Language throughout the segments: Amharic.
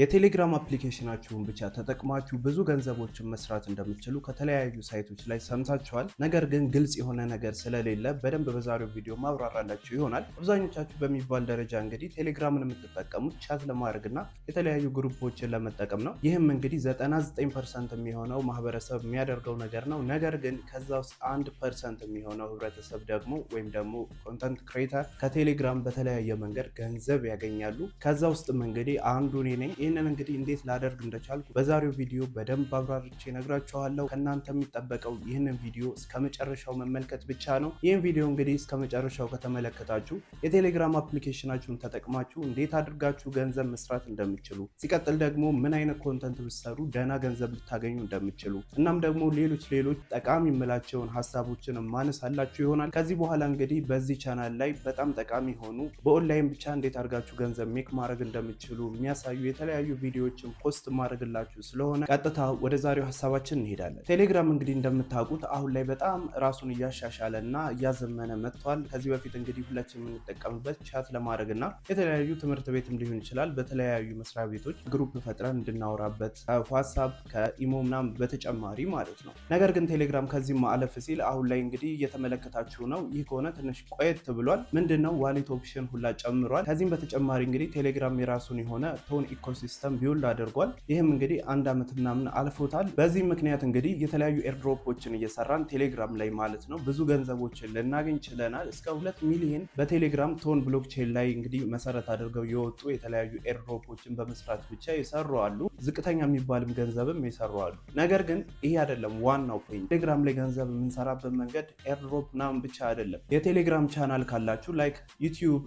የቴሌግራም አፕሊኬሽናችሁን ብቻ ተጠቅማችሁ ብዙ ገንዘቦችን መስራት እንደምትችሉ ከተለያዩ ሳይቶች ላይ ሰምታችኋል። ነገር ግን ግልጽ የሆነ ነገር ስለሌለ በደንብ በዛሬው ቪዲዮ ማብራራላችሁ ይሆናል። አብዛኞቻችሁ በሚባል ደረጃ እንግዲህ ቴሌግራምን የምትጠቀሙት ቻት ለማድረግ የተለያዩ ግሩፖችን ለመጠቀም ነው። ይህም እንግዲህ 99 ፐርሰንት የሚሆነው ማህበረሰብ የሚያደርገው ነገር ነው። ነገር ግን ከዛ ውስጥ አንድ ፐርሰንት የሚሆነው ህብረተሰብ ደግሞ ወይም ደግሞ ኮንተንት ክሬተር ከቴሌግራም በተለያየ መንገድ ገንዘብ ያገኛሉ። ከዛ ውስጥም እንግዲህ አንዱ እኔ ነኝ። ይህንን እንግዲህ እንዴት ላደርግ እንደቻልኩ በዛሬው ቪዲዮ በደንብ አብራርቼ ነግራችኋለሁ። ከእናንተ የሚጠበቀው ይህንን ቪዲዮ እስከ መጨረሻው መመልከት ብቻ ነው። ይህን ቪዲዮ እንግዲህ እስከ መጨረሻው ከተመለከታችሁ የቴሌግራም አፕሊኬሽናችሁን ተጠቅማችሁ እንዴት አድርጋችሁ ገንዘብ መስራት እንደምችሉ፣ ሲቀጥል ደግሞ ምን አይነት ኮንተንት ብትሰሩ ደህና ገንዘብ ልታገኙ እንደምችሉ እናም ደግሞ ሌሎች ሌሎች ጠቃሚ የምላቸውን ሀሳቦችን ማነሳላችሁ ይሆናል። ከዚህ በኋላ እንግዲህ በዚህ ቻናል ላይ በጣም ጠቃሚ የሆኑ በኦንላይን ብቻ እንዴት አድርጋችሁ ገንዘብ ሜክ ማድረግ እንደምችሉ የሚያሳዩ የተለያዩ የተለያዩ ቪዲዮዎችን ፖስት ማድረግላችሁ ስለሆነ ቀጥታ ወደ ዛሬው ሀሳባችን እንሄዳለን። ቴሌግራም እንግዲህ እንደምታውቁት አሁን ላይ በጣም ራሱን እያሻሻለ እና እያዘመነ መጥቷል። ከዚህ በፊት እንግዲህ ሁላችን የምንጠቀምበት ቻት ለማድረግ እና የተለያዩ ትምህርት ቤትም ሊሆን ይችላል በተለያዩ መስሪያ ቤቶች ግሩፕ ፈጥረን እንድናወራበት ከዋትሳፕ ከኢሞ ምናምን በተጨማሪ ማለት ነው። ነገር ግን ቴሌግራም ከዚህ ማለፍ ሲል አሁን ላይ እንግዲህ እየተመለከታችሁ ነው። ይህ ከሆነ ትንሽ ቆየት ብሏል። ምንድን ነው ዋሌት ኦፕሽን ሁላ ጨምሯል። ከዚህም በተጨማሪ እንግዲህ ቴሌግራም የራሱን የሆነ ቶን ኢኮስ ሲስተም ቢውልድ አድርጓል። ይህም እንግዲህ አንድ ዓመት ምናምን አልፎታል። በዚህ ምክንያት እንግዲህ የተለያዩ ኤርድሮፖችን እየሰራን ቴሌግራም ላይ ማለት ነው ብዙ ገንዘቦችን ልናገኝ ችለናል። እስከ ሁለት ሚሊዮን በቴሌግራም ቶን ብሎክቼን ላይ እንግዲህ መሰረት አድርገው የወጡ የተለያዩ ኤርድሮፖችን በመስራት ብቻ የሰሩ አሉ። ዝቅተኛ የሚባልም ገንዘብም የሰሩ አሉ። ነገር ግን ይሄ አይደለም ዋናው ፖይንት። ቴሌግራም ላይ ገንዘብ የምንሰራበት መንገድ ኤርድሮፕ ምናምን ብቻ አይደለም። የቴሌግራም ቻናል ካላችሁ ላይክ ዩቲዩብ፣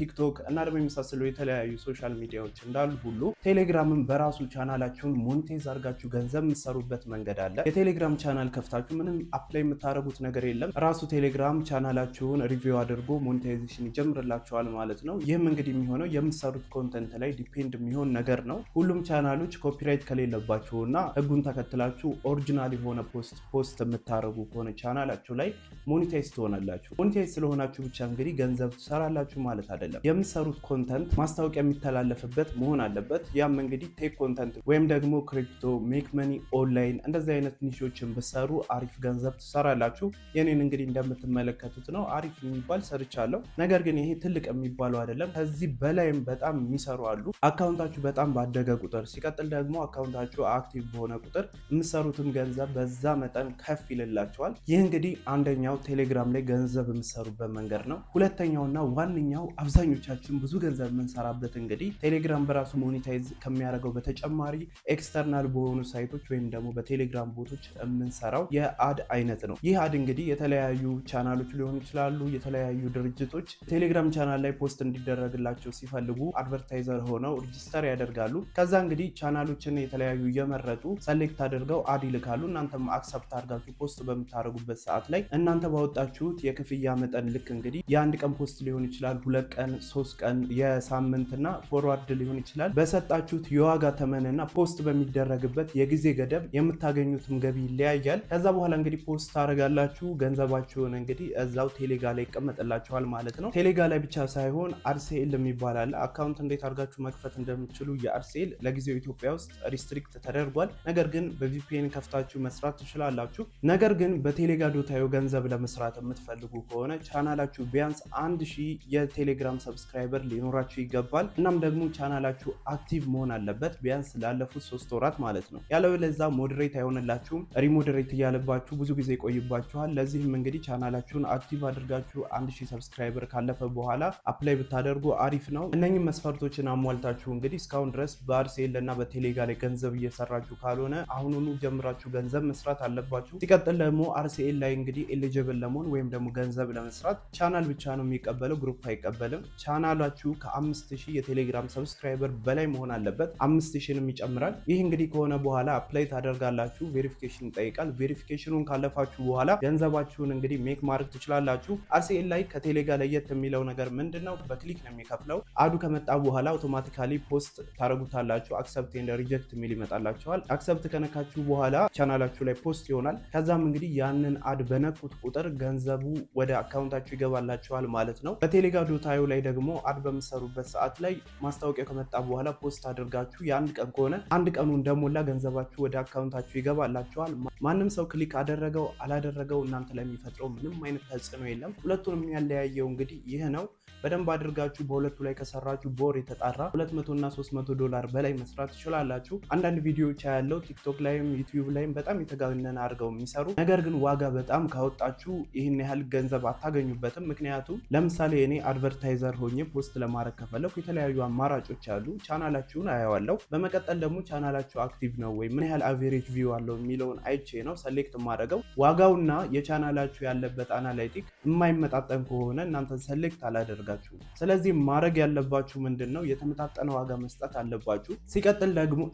ቲክቶክ እና ደግሞ የመሳሰሉ የተለያዩ ሶሻል ሚዲያዎች እንዳሉ ሁሉ ቴሌግራምን በራሱ ቻናላችሁን ሞኔታይዝ አድርጋችሁ ገንዘብ የምትሰሩበት መንገድ አለ። የቴሌግራም ቻናል ከፍታችሁ ምንም አፕላይ የምታደርጉት ነገር የለም። ራሱ ቴሌግራም ቻናላችሁን ሪቪው አድርጎ ሞኔታይዜሽን ይጀምርላችኋል ማለት ነው። ይህም እንግዲህ የሚሆነው የምትሰሩት ኮንተንት ላይ ዲፔንድ የሚሆን ነገር ነው። ሁሉም ቻናሎች ኮፒራይት ከሌለባችሁ እና ህጉን ተከትላችሁ ኦሪጂናል የሆነ ፖስት ፖስት የምታደርጉ ከሆነ ቻናላችሁ ላይ ሞኔታይዝ ትሆናላችሁ። ሞኔታይዝ ስለሆናችሁ ብቻ እንግዲህ ገንዘብ ትሰራላችሁ ማለት አይደለም። የምትሰሩት ኮንተንት ማስታወቂያ የሚተላለፍበት መሆን አለበት። ያም እንግዲህ ቴክ ኮንተንት ወይም ደግሞ ክሪፕቶ፣ ሜክ መኒ ኦንላይን እንደዚህ አይነት ኒሾችን ብሰሩ አሪፍ ገንዘብ ትሰራላችሁ። የኔን እንግዲህ እንደምትመለከቱት ነው አሪፍ የሚባል ሰርቻለሁ። ነገር ግን ይሄ ትልቅ የሚባለው አይደለም። ከዚህ በላይም በጣም የሚሰሩ አሉ። አካውንታችሁ በጣም ባደገ ቁጥር፣ ሲቀጥል ደግሞ አካውንታችሁ አክቲቭ በሆነ ቁጥር የምሰሩትም ገንዘብ በዛ መጠን ከፍ ይልላቸዋል። ይህ እንግዲህ አንደኛው ቴሌግራም ላይ ገንዘብ የምሰሩበት መንገድ ነው። ሁለተኛውና ዋነኛው አብዛኞቻችን ብዙ ገንዘብ የምንሰራበት እንግዲህ ቴሌግራም በራሱ ሞኒታ ሞኔታይዝ ከሚያደርገው በተጨማሪ ኤክስተርናል በሆኑ ሳይቶች ወይም ደግሞ በቴሌግራም ቦቶች የምንሰራው የአድ አይነት ነው። ይህ አድ እንግዲህ የተለያዩ ቻናሎች ሊሆኑ ይችላሉ። የተለያዩ ድርጅቶች ቴሌግራም ቻናል ላይ ፖስት እንዲደረግላቸው ሲፈልጉ አድቨርታይዘር ሆነው ሪጂስተር ያደርጋሉ። ከዛ እንግዲህ ቻናሎችን የተለያዩ እየመረጡ ሰሌክት አድርገው አድ ይልካሉ። እናንተም አክሰፕት አድርጋችሁ ፖስት በምታደርጉበት ሰዓት ላይ እናንተ ባወጣችሁት የክፍያ መጠን ልክ እንግዲህ የአንድ ቀን ፖስት ሊሆን ይችላል፣ ሁለት ቀን፣ ሶስት ቀን፣ የሳምንትና ፎርዋርድ ሊሆን ይችላል በሰ በሰጣችሁት የዋጋ ተመንና ፖስት በሚደረግበት የጊዜ ገደብ የምታገኙትም ገቢ ይለያያል። ከዛ በኋላ እንግዲህ ፖስት ታደርጋላችሁ። ገንዘባችሁን እንግዲህ እዛው ቴሌጋ ላይ ይቀመጥላችኋል ማለት ነው። ቴሌጋ ላይ ብቻ ሳይሆን አርሴኤል የሚባል አለ። አካውንት እንዴት አድርጋችሁ መክፈት እንደምትችሉ የአርሴኤል ለጊዜው ኢትዮጵያ ውስጥ ሪስትሪክት ተደርጓል። ነገር ግን በቪፒኤን ከፍታችሁ መስራት ትችላላችሁ። ነገር ግን በቴሌጋ ዶታዮ ገንዘብ ለመስራት የምትፈልጉ ከሆነ ቻናላችሁ ቢያንስ አንድ ሺህ የቴሌግራም ሰብስክራይበር ሊኖራችሁ ይገባል። እናም ደግሞ ቻናላችሁ አክቲ አክቲቭ መሆን አለበት፣ ቢያንስ ላለፉት ሶስት ወራት ማለት ነው። ያለበለዚያ ሞዴሬት አይሆንላችሁም። ሪሞዴሬት እያለባችሁ ብዙ ጊዜ ይቆይባችኋል። ለዚህም እንግዲህ ቻናላችሁን አክቲቭ አድርጋችሁ አንድ ሺህ ሰብስክራይበር ካለፈ በኋላ አፕላይ ብታደርጉ አሪፍ ነው። እነኝም መስፈርቶችን አሟልታችሁ እንግዲህ እስካሁን ድረስ በአርሴል እና በቴሌጋ ላይ ገንዘብ እየሰራችሁ ካልሆነ አሁኑኑ ጀምራችሁ ገንዘብ መስራት አለባችሁ። ሲቀጥል ደግሞ አርሲኤል ላይ እንግዲህ ኤሊጅብል ለመሆን ወይም ደግሞ ገንዘብ ለመስራት ቻናል ብቻ ነው የሚቀበለው፣ ግሩፕ አይቀበልም። ቻናላችሁ ከአምስት ሺህ የቴሌግራም ሰብስክራይበር በላይ መሆን መሆን አለበት። አምስት ሺንም ይጨምራል። ይህ እንግዲህ ከሆነ በኋላ አፕላይ ታደርጋላችሁ። ቬሪፊኬሽን ይጠይቃል። ቬሪፊኬሽኑን ካለፋችሁ በኋላ ገንዘባችሁን እንግዲህ ሜክ ማድረግ ትችላላችሁ። አርሲኤል ላይ ከቴሌ ጋር ለየት የሚለው ነገር ምንድን ነው? በክሊክ ነው የሚከፍለው። አዱ ከመጣ በኋላ አውቶማቲካሊ ፖስት ታደረጉታላችሁ። አክሰፕት ኤንድ ሪጀክት የሚል ይመጣላችኋል። አክሰፕት ከነካችሁ በኋላ ቻናላችሁ ላይ ፖስት ይሆናል። ከዛም እንግዲህ ያንን አድ በነኩት ቁጥር ገንዘቡ ወደ አካውንታችሁ ይገባላችኋል ማለት ነው። በቴሌጋ ዶታዩ ላይ ደግሞ አድ በምሰሩበት ሰዓት ላይ ማስታወቂያ ከመጣ በኋላ ፖስት ፖስት አድርጋችሁ የአንድ ቀን ከሆነ አንድ ቀኑ እንደሞላ ገንዘባችሁ ወደ አካውንታችሁ ይገባላችኋል። ማንም ሰው ክሊክ አደረገው አላደረገው እናንተ ላይ የሚፈጥረው ምንም አይነት ተጽዕኖ የለም። ሁለቱንም ያለያየው እንግዲህ ይህ ነው። በደንብ አድርጋችሁ በሁለቱ ላይ ከሰራችሁ በወር የተጣራ 200 እና 300 ዶላር በላይ መስራት ትችላላችሁ። አንዳንድ ቪዲዮዎች ያለው ቲክቶክ ላይም ዩቲዩብ ላይም በጣም የተጋነነ አድርገው የሚሰሩ ነገር ግን ዋጋ በጣም ካወጣችሁ ይህን ያህል ገንዘብ አታገኙበትም። ምክንያቱም ለምሳሌ እኔ አድቨርታይዘር ሆኜ ፖስት ለማድረግ ከፈለኩ የተለያዩ አማራጮች አሉ። ቻናላችሁን አየዋለሁ። በመቀጠል ደግሞ ቻናላችሁ አክቲቭ ነው ወይ ምን ያህል አቬሬጅ ቪው አለው የሚለውን አይቼ ነው ሰሌክት ማድረገው። ዋጋውና የቻናላችሁ ያለበት አናላይቲክ የማይመጣጠን ከሆነ እናንተን ሰሌክት አላደርጋል አይመቻችሁም። ስለዚህ ማድረግ ያለባችሁ ምንድን ነው የተመጣጠነ ዋጋ መስጠት አለባችሁ።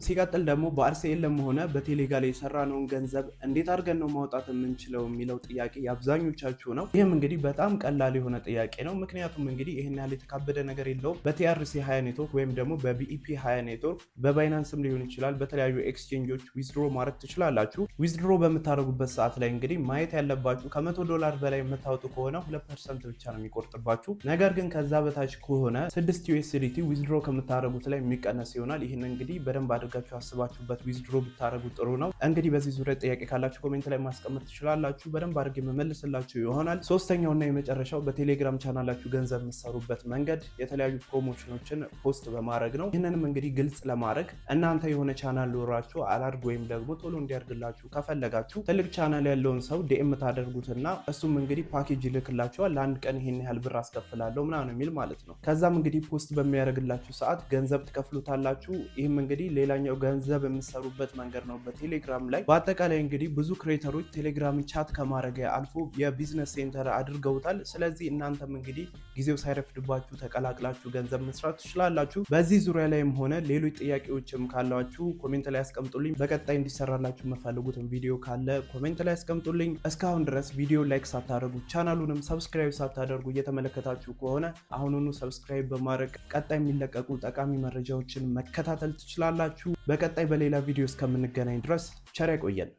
ሲቀጥል ደግሞ በአርሲኤልም ሆነ በቴሌጋ ላይ የሰራነውን ገንዘብ እንዴት አድርገን ነው ማውጣት የምንችለው የሚለው ጥያቄ የአብዛኞቻችሁ ነው። ይህም እንግዲህ በጣም ቀላል የሆነ ጥያቄ ነው። ምክንያቱም እንግዲህ ይህን ያህል የተካበደ ነገር የለውም። በቲአርሲ ሀያ ኔትወርክ ወይም ደግሞ በቢኢፒ ሀያ ኔትወርክ በባይናንስም ሊሆን ይችላል። በተለያዩ ኤክስቼንጆች ዊዝድሮ ማድረግ ትችላላችሁ። ዊዝድሮ በምታደርጉበት ሰዓት ላይ እንግዲህ ማየት ያለባችሁ ከመቶ ዶላር በላይ የምታወጡ ከሆነ ሁለት ፐርሰንት ብቻ ነው የሚቆርጥባችሁ ነገር ግን ከዛ በታች ከሆነ ስድስት ዩኤስዲቲ ዊዝድሮ ከምታደረጉት ላይ የሚቀነስ ይሆናል። ይህን እንግዲህ በደንብ አድርጋችሁ አስባችሁበት ዊዝድሮ ብታደረጉ ጥሩ ነው። እንግዲህ በዚህ ዙሪያ ጥያቄ ካላችሁ ኮሜንት ላይ ማስቀመጥ ትችላላችሁ። በደንብ አድርጌ የምመልስላችሁ ይሆናል። ሶስተኛውና የመጨረሻው በቴሌግራም ቻናላችሁ ገንዘብ የምትሰሩበት መንገድ የተለያዩ ፕሮሞሽኖችን ፖስት በማድረግ ነው። ይህንንም እንግዲህ ግልጽ ለማድረግ እናንተ የሆነ ቻናል ኖራችሁ አላድግ ወይም ደግሞ ቶሎ እንዲያድግላችሁ ከፈለጋችሁ ትልቅ ቻናል ያለውን ሰው ዲኤም ታደርጉትና እሱም እንግዲህ ፓኬጅ ይልክላችኋል። ለአንድ ቀን ይሄን ያህል ብር አስከፍላለሁ ምና ነው የሚል ማለት ነው። ከዛም እንግዲህ ፖስት በሚያደርግላችሁ ሰዓት ገንዘብ ትከፍሉታላችሁ። ይህም እንግዲህ ሌላኛው ገንዘብ የምሰሩበት መንገድ ነው በቴሌግራም ላይ። በአጠቃላይ እንግዲህ ብዙ ክሬተሮች ቴሌግራምን ቻት ከማድረግ አልፎ የቢዝነስ ሴንተር አድርገውታል። ስለዚህ እናንተም እንግዲህ ጊዜው ሳይረፍድባችሁ ተቀላቅላችሁ ገንዘብ መስራት ትችላላችሁ። በዚህ ዙሪያ ላይም ሆነ ሌሎች ጥያቄዎችም ካላችሁ ኮሜንት ላይ ያስቀምጡልኝ። በቀጣይ እንዲሰራላችሁ የምፈልጉትን ቪዲዮ ካለ ኮሜንት ላይ ያስቀምጡልኝ። እስካሁን ድረስ ቪዲዮ ላይክ ሳታደርጉ ቻናሉንም ሰብስክራይብ ሳታደርጉ እየተመለከታችሁ ከሆነ ስለሆነ አሁኑኑ ሰብስክራይብ በማድረግ ቀጣይ የሚለቀቁ ጠቃሚ መረጃዎችን መከታተል ትችላላችሁ። በቀጣይ በሌላ ቪዲዮ እስከምንገናኝ ድረስ ቸር ያቆየን።